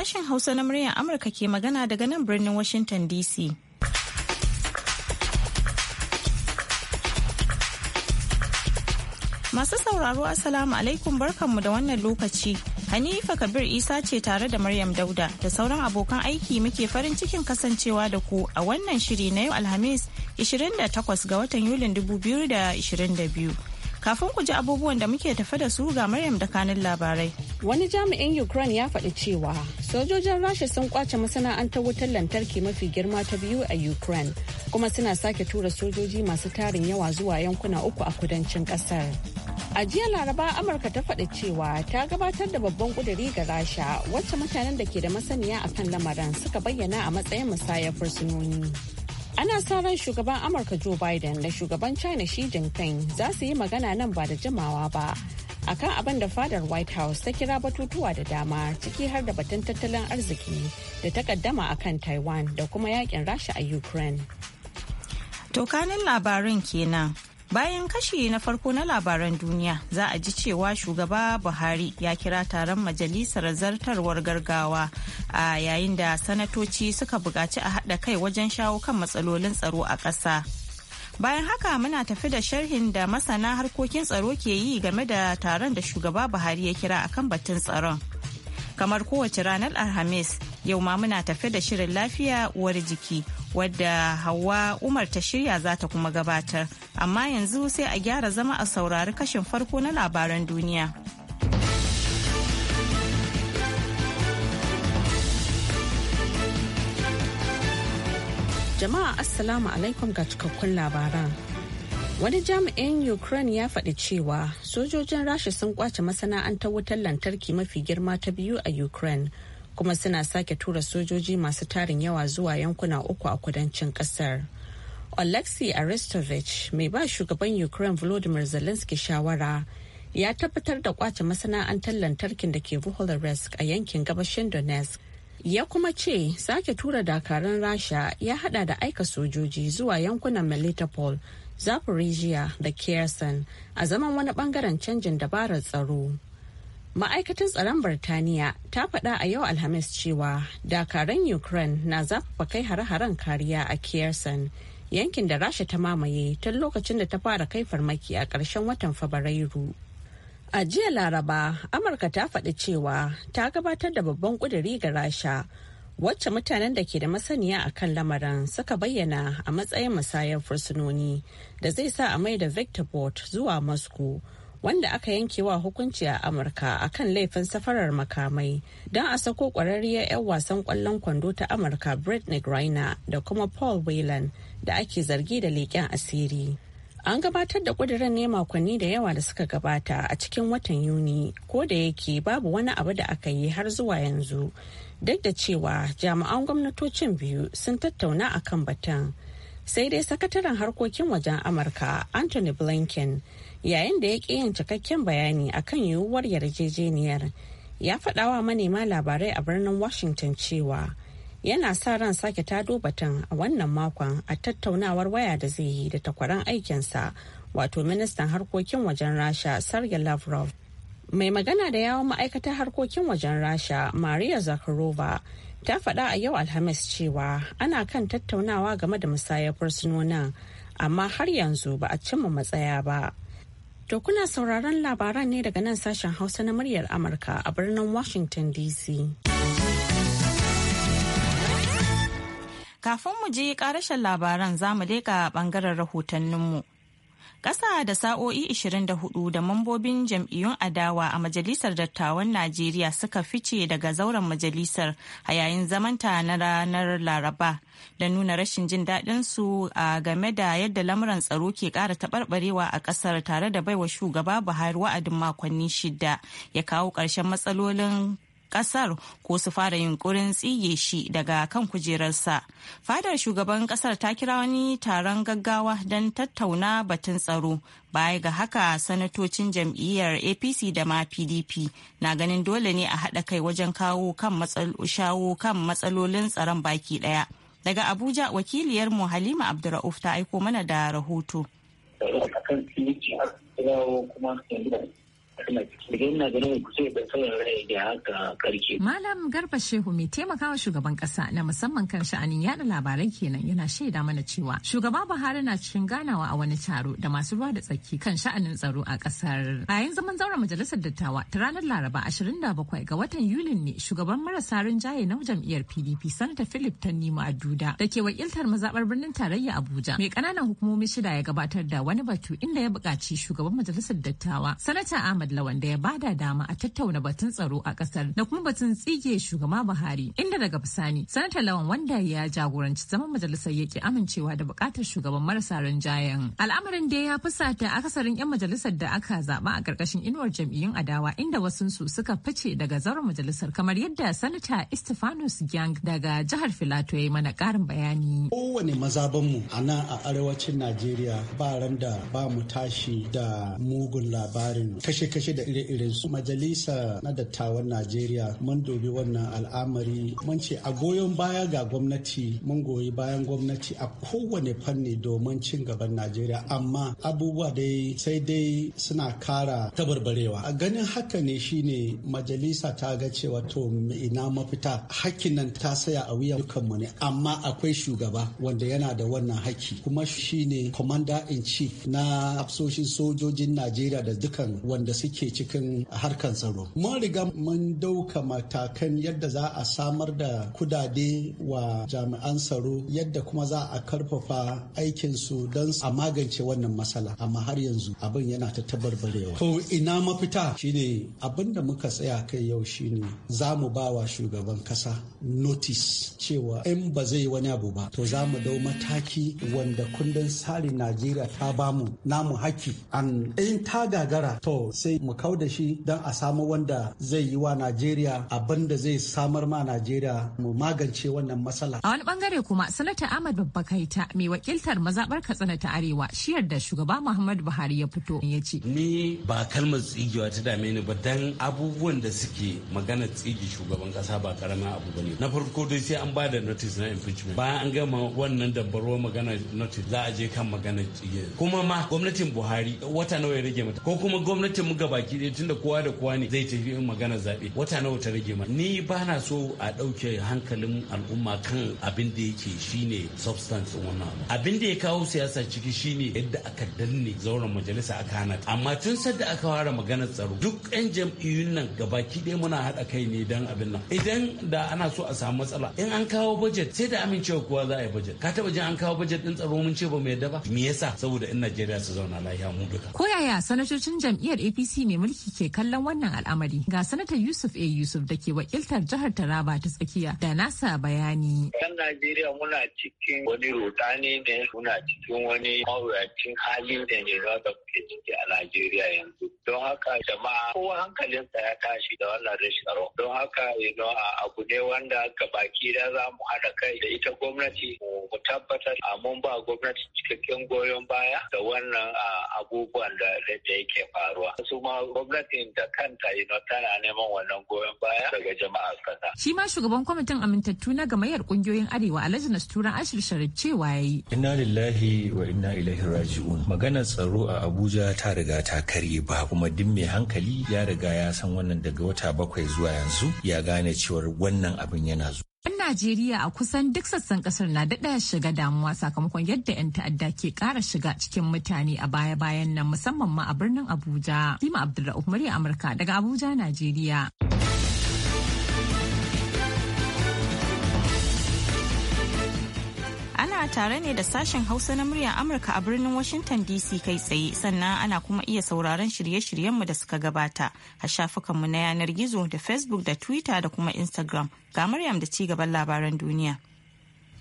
Sashen Hausa na muryar Amurka ke magana daga nan birnin Washington DC. Masu sauraro asalamu alaikum barkanmu da wannan lokaci. Hanifa Kabir Isa ce tare da Maryam Dauda da sauran abokan aiki muke farin cikin kasancewa da ku a wannan shiri na yau Alhamis 28 ga watan Yulin 2022. Kafin ku ji abubuwan da muke tafe da su ga Maryam da kanin labarai. Wani jami'in Ukraine ya faɗi cewa sojojin Rasha sun kwace masana'antar wutar lantarki mafi girma ta biyu a Ukraine kuma suna sake tura sojoji masu tarin yawa zuwa yankuna uku a kudancin ƙasar. A jiya Laraba Amurka ta faɗi cewa ta gabatar da babban ƙuduri ga Rasha wacce mutanen da ke da masaniya akan lamarin suka bayyana a matsayin musayar fursunoni. ana sa ran shugaban amurka joe biden da shugaban china xi jinping za su yi magana nan ba da jimawa ba akan abin da fadar white house ta kira batutuwa da dama ciki har da batun tattalin arziki da takaddama kan taiwan da kuma yakin rasha a ukraine tokanin labarin kenan Bayan kashi na farko na labaran duniya za a ji cewa shugaba Buhari ya kira taron majalisar zartarwar gargawa a yayin da sanatoci suka buƙaci a haɗa kai wajen shawo kan matsalolin tsaro a ƙasa. Bayan haka muna tafi da sharhin da masana harkokin tsaro ke yi game da taron da shugaba Buhari ya kira akan batun tsaron. kamar kowace ranar alhamis yau ma muna tafe da shirin lafiya uwar jiki wadda hawa umar ta shirya za ta kuma gabatar amma yanzu sai a gyara zama a saurari kashin farko na labaran duniya jama'a assalamu alaikum ga cikakkun labaran Wani jami'in Ukraine ya faɗi cewa sojojin Rasha sun kwace masana'antar wutar lantarki mafi girma ta biyu a Ukraine kuma suna sake tura sojoji masu tarin yawa zuwa yankuna uku a kudancin ƙasar. alexei Arestovich mai ba shugaban Ukraine Volodymyr Zelensky shawara ya tabbatar da kwace masana'antar lantarkin da ke Vuholaresk a yankin gabashin Donetsk. Ya kuma ce sake tura dakarun Rasha ya hada da aika sojoji zuwa yankunan Melitopol Zaporizhia da Kherson a zaman wani bangaren canjin dabarar tsaro. Ma'aikatan tsaron Birtaniya ta faɗa a yau Alhamis cewa dakaran Ukraine na zafafa kai hare-haren kariya a Kherson yankin da Rasha ta mamaye tun lokacin da ta fara kai farmaki a ƙarshen watan Fabrairu. A jiya Laraba, Amurka ta faɗi cewa ta gabatar da babban ƙuduri ga Rasha wacce mutanen da ke da masaniya a kan lamarin suka bayyana a matsayin musayar fursunoni da zai sa a mai da victor bot zuwa moscow wanda aka yanke wa hukunci a amurka a kan laifin safarar makamai don a sako kwararriyar 'yan wasan kwallon kwando ta amurka britney griner da kuma paul whelan da ake zargi da leƙen asiri an gabatar da ƙudurin ne makonni da yawa da suka gabata a cikin watan yuni ko da yake babu wani abu da aka yi har zuwa yanzu duk da cewa jami'an gwamnatocin biyu sun tattauna a kan batun sai dai sakataren harkokin wajen amurka anthony blinken yayin da ya ƙi yin cikakken bayani akan yiwuwar yarjejeniyar ya faɗawa manema labarai a birnin washington cewa yana sa ran sake tado batun a wannan makon a tattaunawar waya da zai yi da takwaran aikinsa wato ministan harkokin wajen rasha sergei lavrov mai magana da yawon ma'aikatar harkokin wajen rasha maria zakharova ta faɗa a yau alhamis cewa ana kan tattaunawa game da musayar fursunonin amma har yanzu ba a cimma matsaya ba to kuna sauraron labaran ne daga nan sashen hausa na muryar amurka a birnin washington dc kafin mu je karashen labaran za mu leƙa bangaren rahotanninmu Ƙasa da sa'o'i 24 da mambobin jam'iyyun adawa a Majalisar Dattawan Najeriya suka fice daga zauren majalisar a yayin zamanta na ranar Laraba da nuna rashin jin daɗinsu a game da yadda lamuran tsaro ke ƙara taɓarɓarewa a ƙasar tare da baiwa shugaba Buhari wa'adin makonni shida ya kawo ƙarshen matsalolin kasar ko su fara yunkurin tsige shi daga kan kujerarsa. Fadar shugaban kasar ta kira wani taron gaggawa don tattauna batun tsaro. Baya ga haka sanatocin jam'iyyar APC da ma PDP na ganin dole ne a haɗa kai wajen kawo kan shawo kan matsalolin tsaron baki ɗaya. Daga Abuja wakiliyarmu Halima Abdurrauf ta aiko mana da rahoto. kuma Malam Garba Shehu mai taimakawa shugaban kasa na musamman kan sha'anin yada labarai kenan yana shaida mana cewa shugaba Buhari na cikin ganawa a wani taro da masu ruwa da tsaki kan sha'anin tsaro a kasar. Bayan zaman zauren majalisar dattawa ta ranar Laraba 27 ga watan Yulin ne shugaban marasa rinjaye na jam'iyyar PDP Sanata Philip Tannima Aduda da ke wakiltar mazabar birnin tarayya Abuja mai ƙananan hukumomi shida ya gabatar da wani batu inda ya buƙaci shugaban majalisar dattawa Sanata Ahmad Adla wanda ya bada dama a tattauna batun tsaro a kasar da kuma batun tsige shugaba Buhari inda daga bisani sanata Lawan wanda ya jagoranci zaman majalisar yake amincewa da bukatar shugaban marasa rinjayen. Al'amarin da ya fusata a akasarin 'yan majalisar da aka zaba a karkashin inuwar jam'iyyun adawa inda su suka fice daga zauren majalisar kamar yadda sanata Estefanus Gyang daga jihar Filato ya yi mana karin bayani. Kowane mazabanmu a nan a arewacin Najeriya ba ran da ba mu tashi da mugun labarin kashe kashe da ire su majalisa na dattawan najeriya mun dobi wannan al'amari mun ce a goyon baya ga gwamnati mun goyi bayan gwamnati a kowane fanni domin cin gaban najeriya amma abubuwa dai sai dai suna kara tabarbarewa a ganin haka ne shine majalisa ta ga cewa to ina mafita hakkin nan ta saya a wuyan mu ne amma akwai shugaba wanda yana da wannan haki kuma shine commander in chief na hafsoshin sojojin najeriya da dukan wanda suke cikin harkar tsaro mun riga mun dauka matakan yadda za a samar da kudade wa jami'an tsaro yadda kuma za a karfafa aikinsu don a magance wannan matsala amma har yanzu abin yana ta tabarbarewa to ina mafita shine abin da muka tsaya kai yau shine za mu ba wa shugaban kasa notice cewa in ba zai wani abu ba to za mu dau mataki wanda kundin tsarin najeriya ta bamu namu haki an in ta gagara to sai sai mu kau da shi don a samu wanda zai yi wa Najeriya abin da zai samar ma Najeriya mu magance wannan matsala. A wani bangare kuma sanata Ahmad Babba Kaita mai wakiltar mazabar Katsina ta Arewa shiyar da shugaba Muhammadu Buhari ya fito ya ce. Ni ba kalmar tsigewa ta dame ni ba dan abubuwan da suke magana tsige shugaban kasa ba karamin abu bane. Na farko dai sai an bada notice na impeachment. Bayan an gama wannan dabbarwa magana notice za a je kan magana tsige. Kuma ma gwamnatin Buhari wata nawa ya rage mata ko kuma gwamnatin baki ɗaya tunda kowa da kowa ne zai tafi in magana zaɓe wata nawa ta rage ma ni ba na so a ɗauke hankalin al'umma kan abin da yake shine substance wannan abin da ya kawo siyasa ciki shine yadda aka danne zauren majalisa aka hana amma tun sadda aka fara magana tsaro duk 'yan jam'iyyun nan gabaki ɗaya muna haɗa kai ne dan abin nan idan da ana so a samu matsala in an kawo budget sai da amincewa kowa za a yi budget ka taba jin an kawo budget ɗin tsaro mun ce ba mu yadda ba me yasa saboda in Najeriya su zauna lafiya mu duka ko yaya sanatocin jam'iyyar APC apc mai mulki ke kallon wannan al'amari ga sanata yusuf a yusuf da ke wakiltar jihar taraba ta tsakiya da nasa bayani yan najeriya muna cikin wani rudani ne muna cikin wani mawuyacin hali da ne da kuke ciki a najeriya yanzu don haka jama'a kowa hankalinsa ya tashi da wannan rashin tsaro don haka a abu ne wanda gabaki da za mu haɗa kai da ita gwamnati mu tabbatar a mun ba gwamnati cikakken goyon baya da wannan abubuwan da yake faruwa. Su kuma gwamnatin da kanta ino tana neman wannan goyon baya daga jama'ar kasa. Shi ma shugaban kwamitin amintattu na gamayyar kungiyoyin Arewa Alhaji Nasturan Ashir Sharif cewa yi. Inna lillahi wa inna ilaihi raji'un. Maganar tsaro a Abuja ta riga ta karye ba kuma duk mai hankali ya riga ya san wannan daga wata bakwai zuwa yanzu ya gane cewar wannan abin yana zuwa. 'Yan Najeriya a kusan duk sassan kasar na daɗa shiga damuwa sakamakon yadda 'yan ta'adda ke ƙara shiga cikin mutane a baya-bayan nan musamman ma a birnin Abuja. sima Abdulrahman Amurka daga Abuja, Najeriya. tare ne da sashen Hausa na muryar Amurka a birnin Washington DC kai tsaye sannan ana kuma iya sauraron shirye-shiryenmu da suka gabata a shafukanmu na yanar gizo da Facebook da Twitter da kuma Instagram ga Maryam da ci gaban labaran duniya.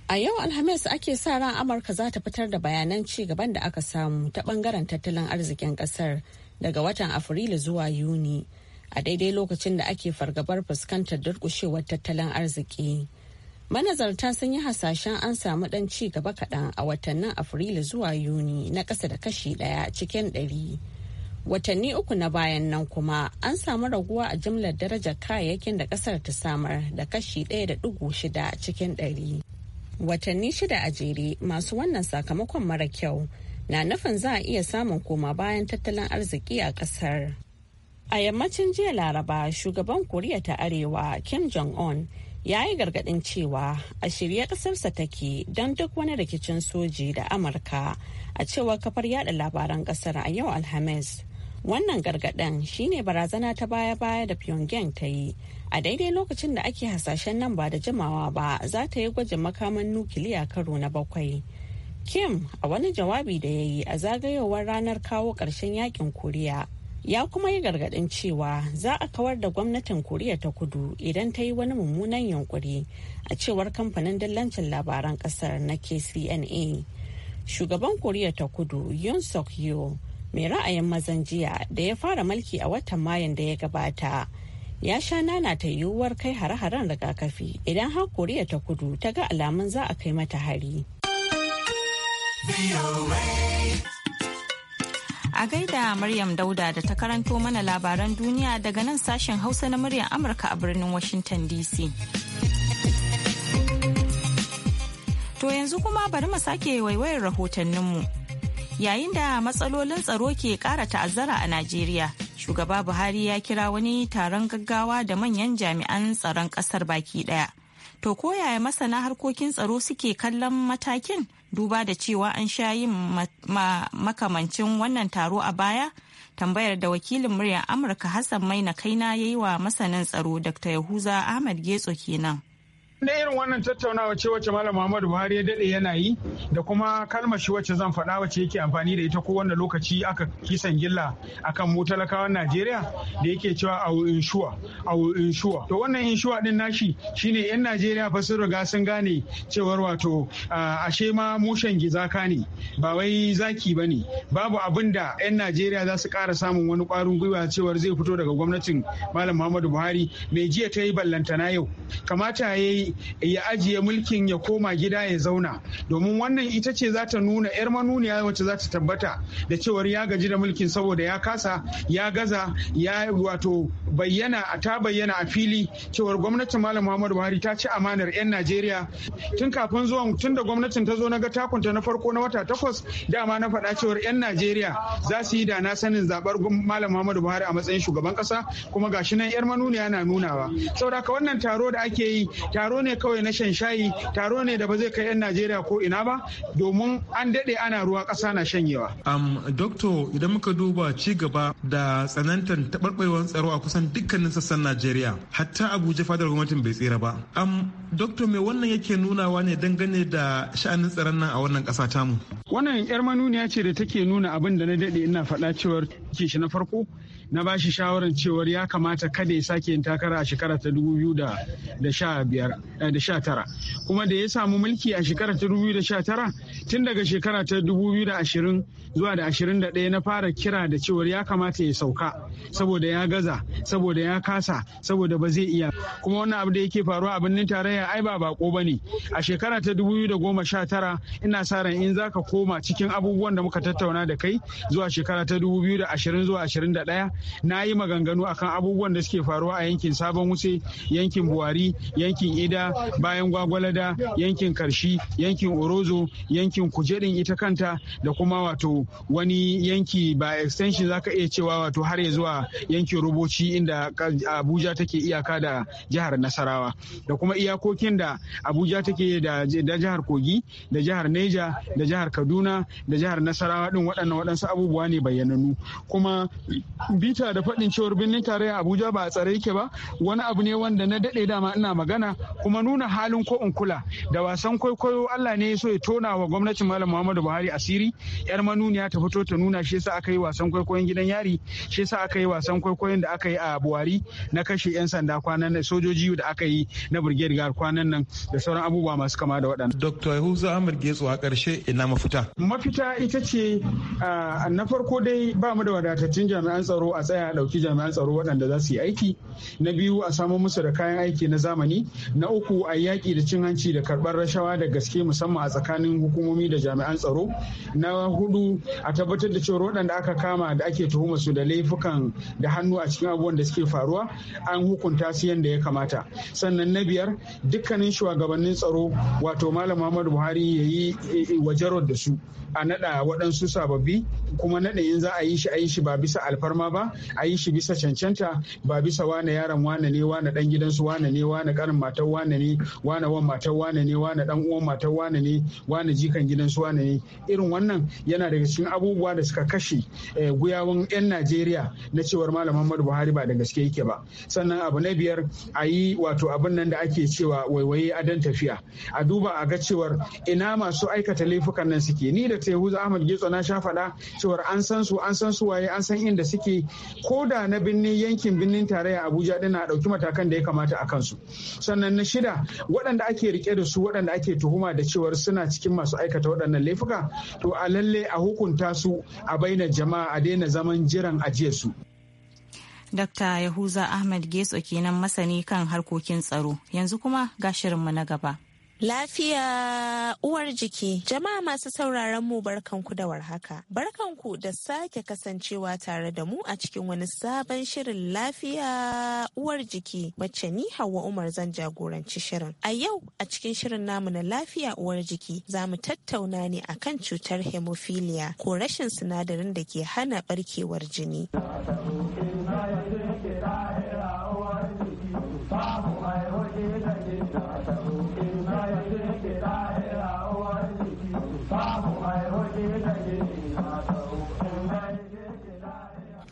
A yau Alhamis ake sa ran Amurka za ta fitar da bayanan ci gaban da aka samu ta bangaren tattalin arzikin kasar daga watan Afrilu zuwa Yuni a daidai lokacin da ake fargabar fuskantar durkushewar tattalin arziki. manazarta sun yi hasashen an samu ɗan ci gaba kaɗan a watannin afrilu zuwa yuni na ƙasa da kashi ɗaya cikin ɗari watanni uku na bayan nan kuma an samu raguwa a jimlar darajar kayayyakin da ƙasar ta samar da kashi ɗaya da ɗigo shida cikin ɗari watanni shida a jere masu wannan sakamakon mara kyau na nufin za a iya samun koma bayan tattalin arziki a ƙasar a yammacin jiya laraba shugaban koriya ta arewa kim jong-un ya yi gargaɗin cewa a shirye ƙasarsa take don duk wani rikicin soji da amurka a cewar kafar yada labaran ƙasar a yau alhamis wannan gargaɗin shine barazana ta baya-baya da pyongyang ta yi a daidai lokacin da ake hasashen nan ba da jimawa ba za ta yi gwajin makaman nukiliya karo na bakwai kim a wani jawabi da ya yi a zagayowar ranar kawo ƙarshen yakin koriya ya kuma yi gargadin cewa za a kawar da gwamnatin koriya ta kudu idan ta yi wani mummunan yunkuri a cewar kamfanin dillancin labaran kasar na kcna shugaban koriya ta kudu yun sok yo mai ra'ayin mazan jiya da ya fara mulki a watan mayan da ya gabata ya sha nana ta yiwuwar kai hare-haren rigakafi idan har koriya ta kudu ta ga alamun za a kai mata hari. A gaida Maryam Dauda da ta karanto mana labaran duniya daga nan sashen Hausa na muryar Amurka a birnin Washington DC. To yanzu kuma bari mu sake waiwayar rahotanninmu. Yayin da matsalolin tsaro ke ƙara ta'azzara a Najeriya, shugaba Buhari ya kira wani taron gaggawa da manyan jami'an tsaron ƙasar baki ɗaya. To koyaya masana harkokin tsaro suke kallon matakin? duba da cewa an sha yin makamancin wannan taro a baya tambayar da wakilin muryar amurka hassan maina kaina ya yi wa masanin tsaro dr yahuza ahmad getso kenan da irin wannan tattaunawa ce wacce malam muhammadu buhari ya dade yana yi da kuma kalmashi wacce zan faɗa wacce yake amfani da ita kowane lokaci aka kisan gilla akan mu talakawan najeriya da yake cewa a inshuwa a inshuwa to wannan inshuwa din nashi shine yan najeriya fa sun riga sun gane cewar wato ashe ma mushen gizaka ne ba wai zaki bane babu abin da yan najeriya za su ƙara samun wani kwarin gwiwa cewar zai fito daga gwamnatin malam muhammadu buhari mai jiya ta yi ballantana yau kamata ya yi ya ajiye mulkin ya koma gida ya zauna domin wannan ita ce za ta nuna yar manuniya wacce za ta tabbata da cewar ya gaji da mulkin saboda ya kasa ya gaza ya wato bayyana a ta bayyana a fili cewar gwamnatin malam muhammadu buhari ta ci amanar 'yan najeriya tun kafin zuwan tun da gwamnatin ta zo na ga takunta na farko na wata takwas dama na faɗa cewar 'yan najeriya za su yi da na sanin zaɓar malam muhammadu buhari a matsayin shugaban ƙasa kuma gashi nan 'yar manuniya na nunawa saboda wannan taro da ake yi taro taro ne kawai na shan shayi taro ne da ba zai kai 'yan najeriya ko ina ba domin an daɗe ana ruwa ƙasa na shanyewa. am doktor idan muka duba ci gaba da tsanantar taɓarɓarewar tsaro a kusan dukkanin sassan najeriya hatta abuja fadar gwamnatin bai tsira ba am doktor me wannan yake nunawa ne dangane da sha'anin tsaron nan a wannan ƙasa tamu wannan yar manuniya ce da take nuna abin da na dade ina faɗa cewar kishi na farko na ba shi shawarar cewar ya kamata kada ya sake yin takara a shekara ta 2019 eh, kuma da ya samu mulki a shekara ta 2019 tun daga shekara ta 2020 zuwa da 21 na fara kira da cewar ya kamata ya sauka saboda ya gaza saboda ya kasa saboda ba zai iya kuma wannan abu da yake faruwa a birnin tarayya ai ba bako ba ne." a shekara ta 2019 ina sa ran in zaka koma cikin abubuwan da muka tattauna da kai zuwa shekara ta 2020 zuwa 21 na yi maganganu akan abubuwan da suke faruwa a yankin sabon wuse yankin Buhari, yankin ida bayan gwagwalada yankin karshi yankin orozo yankin kujerin ita kanta da kuma wato wani yanki ba extension ka iya cewa wato har ya zuwa yankin ruboci inda abuja take iyaka da jihar nasarawa da kuma iyakokin da abuja take da jihar kogi da jihar neja da jihar kaduna da jihar nasarawa din waɗannan waɗansu abubuwa ne bayyananu kuma bita da faɗin cewar birnin tarayya abuja ba a tsare yake ba wani abu ne wanda na daɗe dama ina magana kuma nuna halin ko in kula da wasan kwaikwayo allah ne ya so ya tona wa gwamnatin malam muhammadu buhari asiri yar manuniya ta fito ta nuna shi yasa aka yi wasan kwaikwayon gidan yari shi yasa aka yi wasan kwaikwayon da aka yi a buhari na kashe yan sanda kwanan nan sojoji da aka yi na brigade guard kwanan nan da sauran abubuwa masu kama da waɗannan. dr yahuza ahmad getsu a ƙarshe ina mafita. mafita ita ce na farko dai ba mu da wadatattun jami'an tsaro a tsaya a ɗauki jami'an tsaro waɗanda za su yi aiki na biyu a samo musu da kayan aiki na zamani na uku a yaƙi da cin hanci da karɓar rashawa da gaske musamman a tsakanin hukumomi da jami'an tsaro na hudu a tabbatar da cewa waɗanda aka kama da ake tuhuma su da laifukan da hannu a cikin abubuwan da suke faruwa an hukunta su yadda ya kamata sannan na biyar dukkanin shugabannin tsaro wato malam muhammadu buhari ya yi wajarar da su a naɗa waɗansu sababbi kuma naɗa in za a yi shi a yi shi ba bisa alfarma ba a yi shi bisa cancanta ba bisa wane yaron wane ne wane dan gidansu wane ne wane karin matar wane ne wane wan matar wane ne wane dan uwan matar wane ne wane jikan gidansu wane ne irin wannan yana daga cikin abubuwa da suka kashe eh, guyawun 'yan najeriya na cewar malam muhammadu buhari ba da gaske yake ba sannan abu na biyar a yi wato abin nan da ake cewa waiwaye a dan tafiya a duba a ga cewar ina masu aikata laifukan nan suke ni da taihu ahmad gitso na sha faɗa cewar an san su an san su waye an san inda suke ko da na birnin yankin birnin tarayya abuja dina dauki matakan da ya kamata a kansu sannan na shida waɗanda ake rike da su waɗanda ake tuhuma da cewar suna cikin masu aikata waɗannan laifuka to a lalle a hukunta su a baina jama'a a daina zaman jiran ajiye su Dr. Yahuza Ahmed Geso kenan masani kan harkokin tsaro yanzu kuma ga shirinmu na gaba. Lafiya uwar jiki. Jama'a masu sauraron mu barkanku da warhaka. Barkanku da sake kasancewa tare da mu a cikin wani sabon shirin lafiya uwar jiki wacce ni Hauwa Umar zan jagoranci shirin. A yau a cikin shirin namu na lafiya uwar jiki za mu tattauna ne kan cutar hemophilia ko rashin sinadarin da ke hana barkewar jini.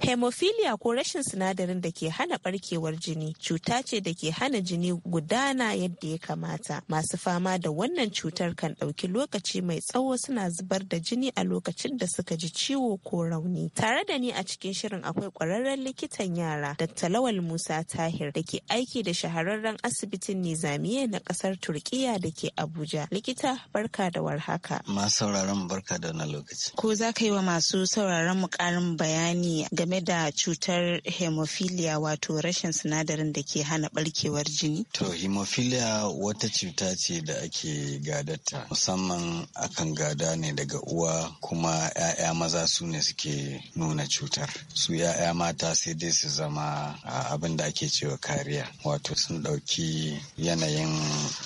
Hemophilia ko rashin sinadarin da ke hana barkewar jini cuta ce da ke hana jini gudana yadda ya kamata. Masu fama da wannan cutar kan ɗauki lokaci mai tsawo suna zubar da jini a lokacin da suka ji ciwo ko rauni. Tare da ni a cikin shirin akwai ƙwararren likitan yara Dr. Lawal Musa Tahir da ke aiki da shahararren asibitin Nizamiya na ƙasar Turkiya da ke Abuja. Likita barka da warhaka. Masu sauraron barka da wannan lokaci. Ko za ka yi wa masu sauraron mu ƙarin bayani game game da cutar hemophilia wato rashin sinadarin da ke hana barkewar jini? To hemophilia wata cuta ce da ake gadata musamman akan gada ne daga uwa kuma 'ya'ya maza su ne suke nuna cutar. Su 'ya'ya mata sai dai su zama abin da ake cewa kariya wato sun ɗauki yanayin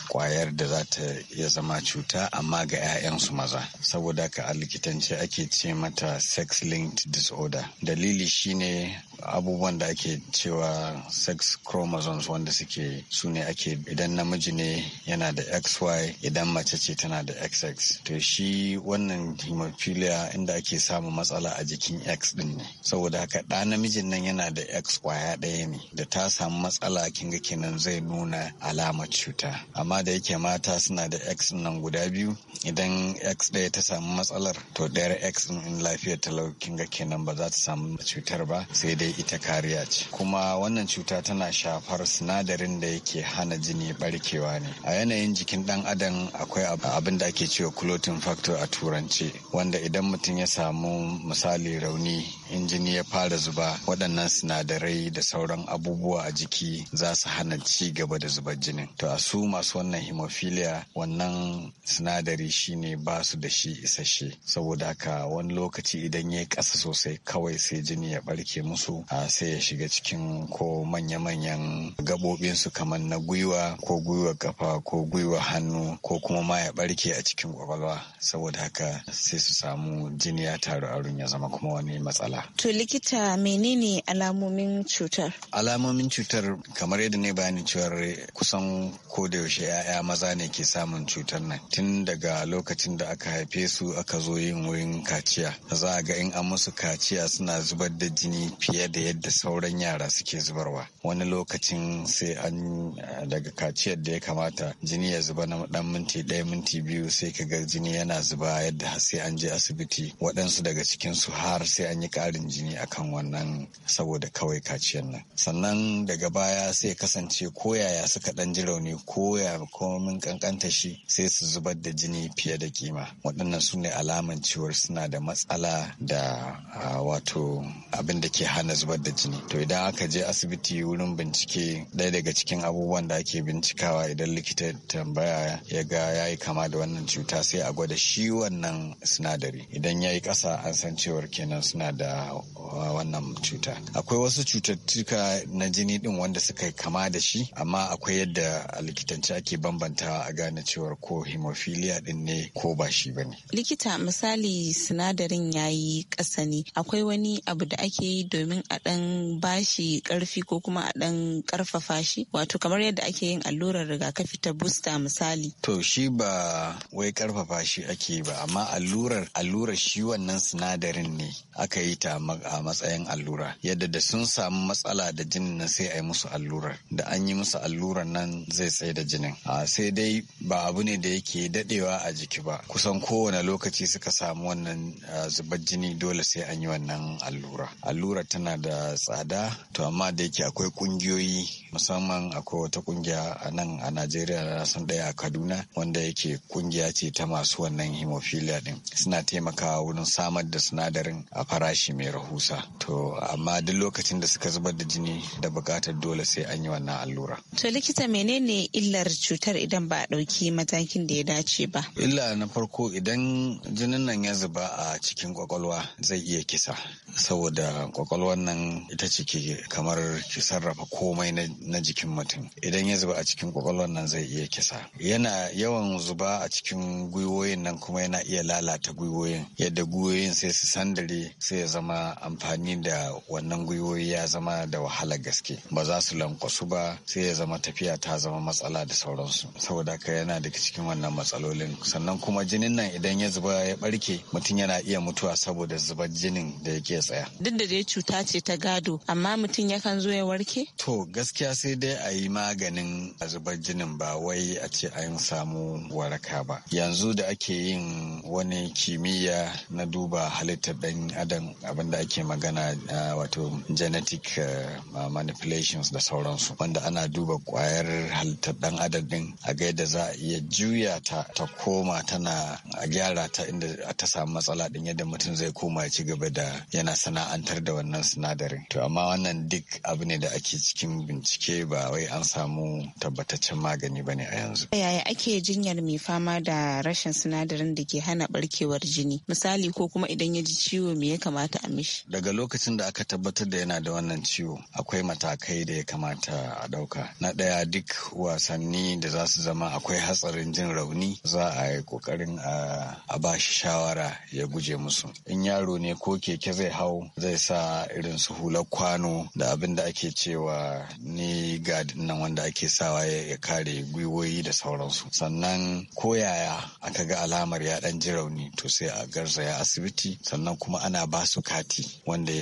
kwayar da za ta iya zama cuta amma ga 'ya'yansu maza saboda ka a likitanci ake ce mata sex linked disorder dalili shine abubuwan da ake cewa sex chromosomes wanda suke su ne ake idan namiji ne yana da xy idan mace ce tana da xx to shi wannan hemophilia inda ake samu matsala a jikin x din ne saboda haka ɗa namijin nan yana da x kwaya ɗaya ne da ta samu matsala kinga kenan zai nuna alama cuta amma da yake mata suna da x nan guda biyu idan x ɗaya ta samu matsalar to ɗayar x in lafiya lafiyar lau ga kenan ba za ta samu cuta cutar ba sai dai ita kariya ce kuma wannan cuta tana shafar sinadarin da yake hana jini barkewa ne a yanayin jikin dan adam akwai abin da ake cewa clotting factor a turance wanda idan mutum ya samu misali rauni in jini ya fara zuba waɗannan sinadarai da sauran abubuwa a jiki za su hana ci gaba da zubar jinin to a su masu wannan hemophilia wannan sinadari shine basu da shi isasshe saboda haka wani lokaci idan ya yi ƙasa sosai kawai sai jini ya barke musu a sai ya shiga cikin ko manya-manyan gabobinsu kamar na gwiwa ko gwiwa kafa ko gwiwa hannu ko kuma ma ya barke a cikin kwakwalwa saboda haka sai su samu jini ya taru a ya zama kuma wani matsala. To likita menene alamomin cutar? Alamomin cutar kamar yadda ne bayanin cewar kusan ko da yaushe 'ya'ya maza ne ke samun cutar nan tun daga lokacin da aka haife su aka zo yin wurin kaciya za a ga in an musu kaciya suna zubar da jini fiye da yadda sauran yara suke zubarwa wani lokacin sai an daga kaciyar da ya kamata jini ya zuba na dan minti ɗaya minti biyu sai ka ga jini yana zuba yadda sai an je asibiti waɗansu daga cikin su har sai an yi ƙarin jini akan wannan saboda kawai kaciyar nan sannan daga baya sai kasance koyaya suka ɗan ji rauni koya komin kankanta shi sai su zubar da jini fiye da kima waɗannan su ne alaman cewar suna da matsala da wato abin da ke hana zubar da jini to idan aka je asibiti wurin bincike ɗaya daga cikin abubuwan da ake bincikawa idan likita tambaya ya ga ya yi kama da wannan cuta sai a gwada shi wannan sinadari idan ya yi ƙasa an san cewar kenan suna da wannan cuta akwai wasu cututtuka na jini ɗin wanda suka kama da shi amma akwai yadda a likitance ake bambantawa a gane cewar ko hemophilia ɗin ne ko ba shi ba ne likita misali sinadarin ya yi ƙasa ne akwai wani abu da ake yi domin a ɗan bashi karfi ko kuma a ɗan ƙarfafa shi wato kamar yadda ake yin allurar rigakafi ta busta misali. To shi ba wai ƙarfafa shi ake ba amma allurar allurar shi wannan sinadarin ne aka yi ta a matsayin allura yadda da sun samu matsala da jinin nan sai a yi musu allurar da an yi musu allurar nan zai tsaye da jinin. A sai dai ba abu ne da yake daɗewa a jiki ba kusan kowane lokaci suka samu wannan zubar jini dole sai an yi wannan allura. allura tana da tsada to amma da yake akwai kungiyoyi musamman akwai wata kungiya a nan a najeriya na san daya a kaduna wanda yake kungiya ce ta masu wannan hemophilia din suna taimakawa wurin samar da sinadarin a farashi mai rahusa to amma duk lokacin da suka zubar da jini da bukatar dole sai an yi wannan allura to likita menene illar cutar idan ba a ɗauki matakin da ya dace ba illa na farko idan jinin nan ya zuba a cikin kwakwalwa zai iya kisa saboda Da kwakwalwar nan ita ce ke kamar ki sarrafa komai na jikin mutum idan ya zuba a cikin kwakwalwar nan zai iya kisa yana yawan zuba a cikin gwiwoyin nan kuma yana iya lalata gwiwoyin yadda gwiwoyin sai su sandare sai ya zama amfani da wannan gwiwoyi ya zama da wahala gaske ba za su lankwasu ba sai ya zama tafiya ta zama matsala da sauransu saboda haka yana daga cikin wannan matsalolin sannan kuma jinin nan idan ya zuba ya barke mutum yana iya mutuwa saboda zubar jinin da yake tsaya duk da dai cuta ce ta gado amma mutum yakan zo ya warke? To gaskiya sai dai a yi maganin zubar jinin ba wai a ce an samu waraka ba. Yanzu da ake yin wani kimiyya na duba halittar ɗan adam abinda ake magana wato genetic manipulations da sauransu wanda ana duba kwayar halittar ɗan adam ɗin a ga yadda za a iya juya ta ta koma tana a gyara ta inda ta samu matsala din yadda mutum zai koma ya ci gaba da yana sana'a. ilmantar da wannan sinadarin to amma wannan duk abu ne da ake cikin bincike ba wai an samu tabbataccen magani ba ne a yanzu yaya ake jinyar mai fama da rashin sinadarin da ke hana barkewar jini misali ko kuma idan ya ji ciwo me ya kamata a mishi daga lokacin da aka tabbatar da yana da wannan ciwo akwai matakai da ya kamata a ɗauka. na ɗaya duk wasanni da za su zama akwai hatsarin jin rauni za a yi kokarin a ba shawara ya guje musu in yaro ne ko keke zai hau zai zai sa irin su hular kwano da abin da ake cewa ni gadin nan wanda ake sawa ya kare gwiwoyi da sauransu sannan koyaya aka ga alamar ya dan ji rauni to sai a garzaya asibiti sannan kuma ana ba su kati wanda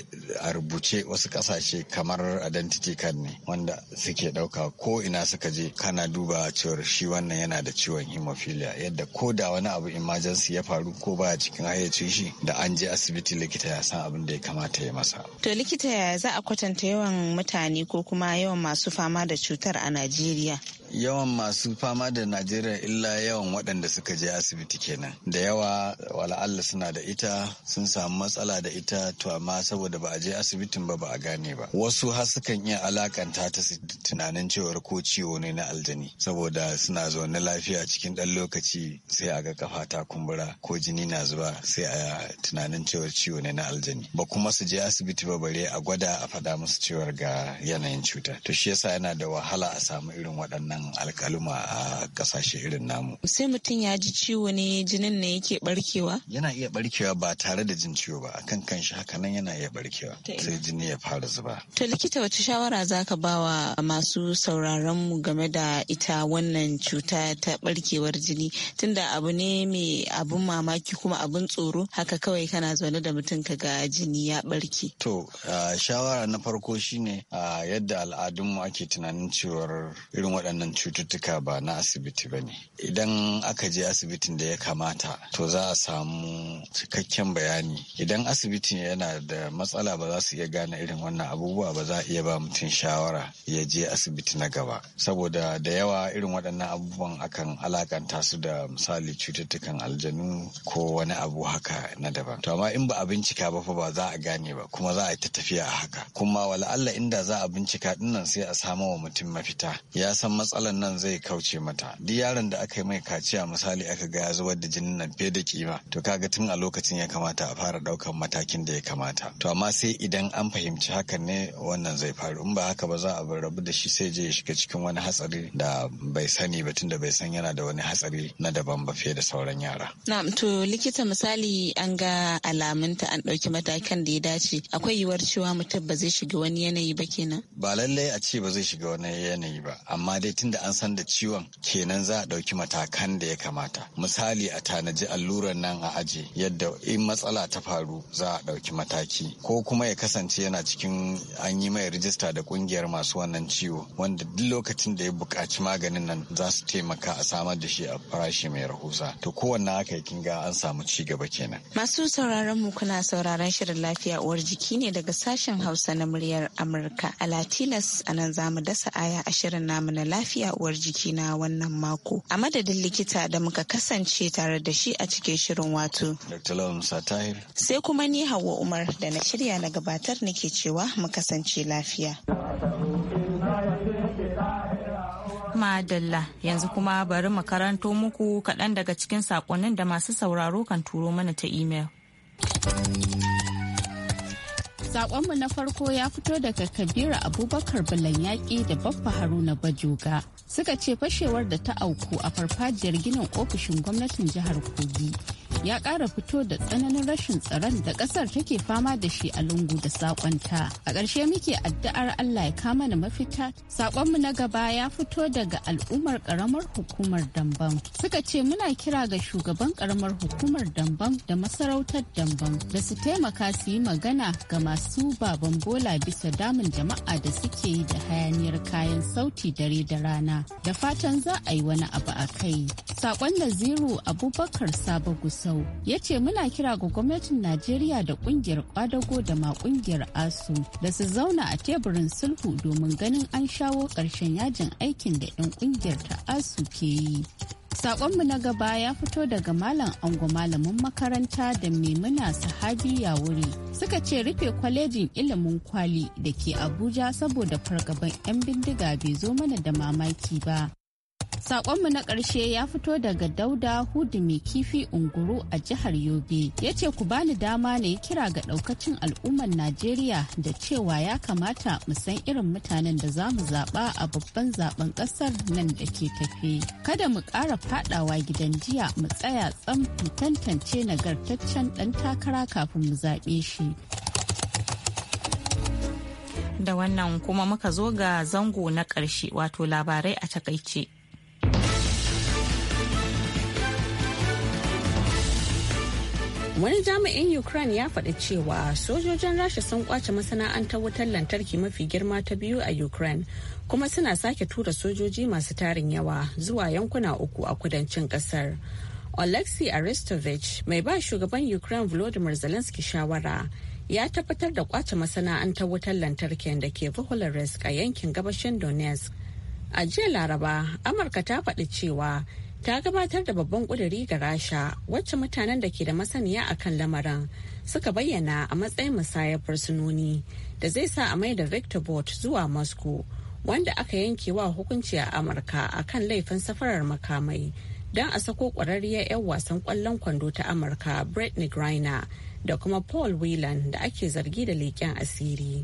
a rubuce wasu kasashe kamar identity card ne wanda suke dauka ko ina suka je kana duba cewar shi wannan yana da ciwon hemophilia yadda ko da wani abu emergency ya faru ko ba cikin hayyacin shi da an je asibiti likita ya san abin da ya kamata ta yi masa. To likita ya za a kwatanta yawan mutane ko kuma yawan masu fama da cutar a Najeriya yawan masu fama da najeriya illa yawan waɗanda suka je asibiti kenan da yawa wala'alla suna da ita sun samu matsala da ita to amma saboda ba a je asibitin ba ba a gane ba wasu har sukan iya alakanta ta tunanin cewar ko ciwo ne na aljani saboda suna zaune lafiya cikin ɗan lokaci sai a ga kafa ta kumbura ko jini na zuba sai a tunanin cewar ciwo ne na aljani ba kuma su je asibiti ba bare a gwada a faɗa musu cewar ga yanayin cuta to shi yasa yana da wahala a samu irin waɗannan alkaluma a kasashe irin namu. Sai mutum ya ji ciwo ne jinin ne yake barkewa? Yana iya barkewa ba tare da jin ciwo ba akan kanshi haka nan yana iya barkewa sai jini ya fara zuba. To likita wace shawara za ka ba wa masu sauraron mu game da ita wannan cuta ta barkewar jini tunda abu ne mai abun mamaki kuma abun tsoro haka kawai kana zaune da mutum ka ga jini ya barke. To shawara na farko shine yadda al'adunmu ake tunanin cewar irin waɗannan wannan cututtuka ba na asibiti ba ne idan aka je asibitin da ya kamata to za a samu cikakken bayani idan asibitin yana da matsala ba za su iya gane irin wannan abubuwa ba za a iya ba mutum shawara ya je asibiti na gaba saboda da yawa irin waɗannan abubuwan akan alakanta su da misali cututtukan aljanu ko wani abu haka na daban to amma in ba a bincika ba fa ba za a gane ba kuma za a yi ta tafiya a haka kuma wala Allah inda za a bincika dinnan sai a samo wa mutum mafita ya san matsala matsalan nan zai kauce mata duk yaron da aka yi mai kaciya misali aka ga ya zubar da jinin nan fiye da kima to kaga tun a lokacin ya kamata a fara daukan matakin da ya kamata to amma sai idan an fahimci hakan ne wannan zai faru in ba haka ba za a bar rabu da shi sai je ya shiga cikin wani hatsari da bai sani ba tunda bai san yana da wani hatsari na daban ba fiye da sauran yara na'am to likita misali an ga alamunta an dauki matakan da ya dace akwai yiwuwar cewa mutum ba zai shiga wani yanayi ba kenan ba lallai a ce ba zai shiga wani yanayi ba amma dai tun lokacin da an san da ciwon kenan za a ɗauki matakan da ya kamata misali a tanaji alluran nan a aje yadda in matsala ta faru za a ɗauki mataki ko kuma ya kasance yana cikin an yi mai rijista da kungiyar masu wannan ciwo wanda duk lokacin da ya buƙaci maganin nan za su taimaka a samar da shi a farashi mai rahusa to kowanne haka kin ga an samu ci gaba kenan masu sauraron mu kuna sauraron shirin lafiya uwar jiki ne daga sashen hausa na muryar amurka a latinas a nan za mu dasa aya a shirin namu na lafiya lafiya uwar jiki na wannan mako. A madadin likita da muka kasance tare da shi a cikin shirin wato. Sai kuma ni Hauwa Umar da na shirya na gabatar nake cewa mu kasance lafiya. Madalla yanzu kuma bari mu karanto muku kaɗan daga cikin saƙonnin da masu sauraro kan turo mana ta imel. Sakonmu na farko ya fito daga Kabiru Abubakar Bulan da Baffa Haruna Bajoga suka ce fashewar da ta auku a farfajiyar ginin ofishin gwamnatin jihar Kogi ya ƙara fito da tsananin rashin tsaron da ƙasar take fama da shi a lungu da sakonta. A ƙarshe muke addu'ar Allah ya kama na mafita. saƙonmu na gaba ya fito daga al'ummar ƙaramar hukumar damban Suka ce muna kira ga shugaban ƙaramar hukumar damben da masarautar damben da su taimaka su yi magana ga masu baban bola bisa damun jama'a da suke yi da hayaniyar kayan sauti dare da rana. Da fatan za a yi wani abu a kai. saƙon Naziru Abubakar Sabo Gusa Gusau ya ce muna kira ga gwamnatin Najeriya da kungiyar kwadago da ma kungiyar ASU da su zauna a teburin sulhu domin ganin an shawo ƙarshen yajin aikin da 'yan kungiyar ta ASU ke yi. Saƙonmu na gaba ya fito daga Malam Ango malamin makaranta da Maimuna Sahabi wuri suka ce rufe kwalejin ilimin kwali da ke Abuja saboda fargaban 'yan bindiga bai zo mana da mamaki ba. Sakonmu na ƙarshe ya fito daga Dauda Hudu mai kifi unguru a jihar Yobe. Ya ce ku bani dama ne kira ga ɗaukacin al'ummar Najeriya da cewa ya kamata mu san irin mutanen da za mu zaɓa a babban zaben ƙasar nan da ke tafe. Kada mu ƙara faɗawa gidan jiya mu tsaya tsam mu tantance nagartaccen ɗan takara kafin mu zaɓe shi. Da wannan kuma muka zo ga zango na ƙarshe wato labarai a takaice. wani jami'in ukraine ya faɗi cewa sojojin rasha sun kwace masana'antar wutar lantarki mafi girma ta biyu a ukraine kuma suna sake tura sojoji masu tarin yawa zuwa yankuna uku a kudancin kasar alexei aristovich mai ba shugaban ukraine volodymyr zelensky shawara ya tabbatar da kwace masana'antar wutar lantarkin da ke voholaresk a yankin gabashin donetsk a jiya laraba amurka ta faɗi cewa ta gabatar da babban kuduri ga rasha wacce mutanen da ke da masaniya a kan lamarin suka bayyana a matsayin musayar fursunoni da zai sa a mai da victor bot zuwa moscow wanda aka yanke wa hukunci a amurka a kan laifin safarar makamai don a sako ƙwararriyar 'yan wasan kwallon kwando ta amurka britney griner da kuma paul whelan da ake zargi da leƙen asiri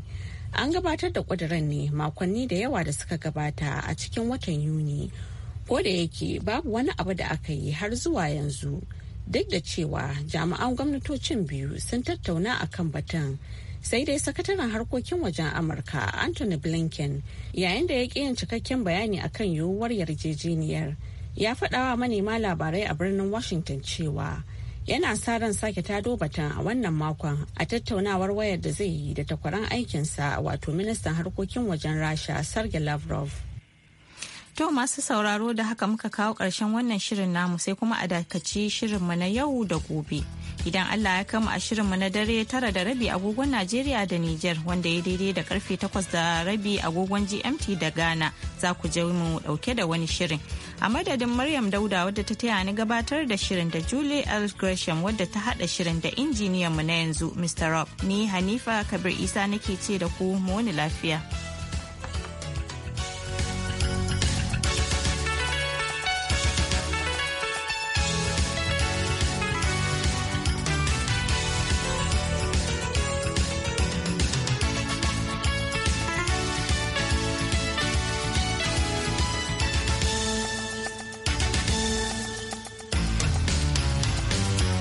an gabatar da ƙuduran ne makonni da yawa da suka gabata a cikin watan yuni ko da yake babu wani abu da aka yi har zuwa yanzu duk da cewa jami'an gwamnatocin biyu sun tattauna a kan batun sai dai sakataren harkokin wajen amurka anthony blinken yayin da ya ƙi yin cikakken bayani a kan yiwuwar yarjejeniyar ya faɗawa manema labarai a birnin washington cewa yana sa ran sake tado batun a wannan makon a tattaunawar wayar da zai yi da takwaran aikinsa wato ministan harkokin wajen rasha sergei lavrov To masu sauraro da haka muka kawo ƙarshen wannan shirin namu sai kuma a dakaci shirinmu na yau da gobe. Idan Allah ya kama a shirinmu na dare tara da rabi agogon Najeriya da Nijar wanda ya daidai da karfe takwas da rabi agogon GMT da Ghana za ku je mu dauke da wani shirin. A madadin Maryam Dauda wadda ta taya ni gabatar da shirin da Julie L. Gresham wadda ta haɗa shirin da injiniyan mu na yanzu Mr. Rob. Ni Hanifa Kabir Isa nake ce da ku mu wani lafiya.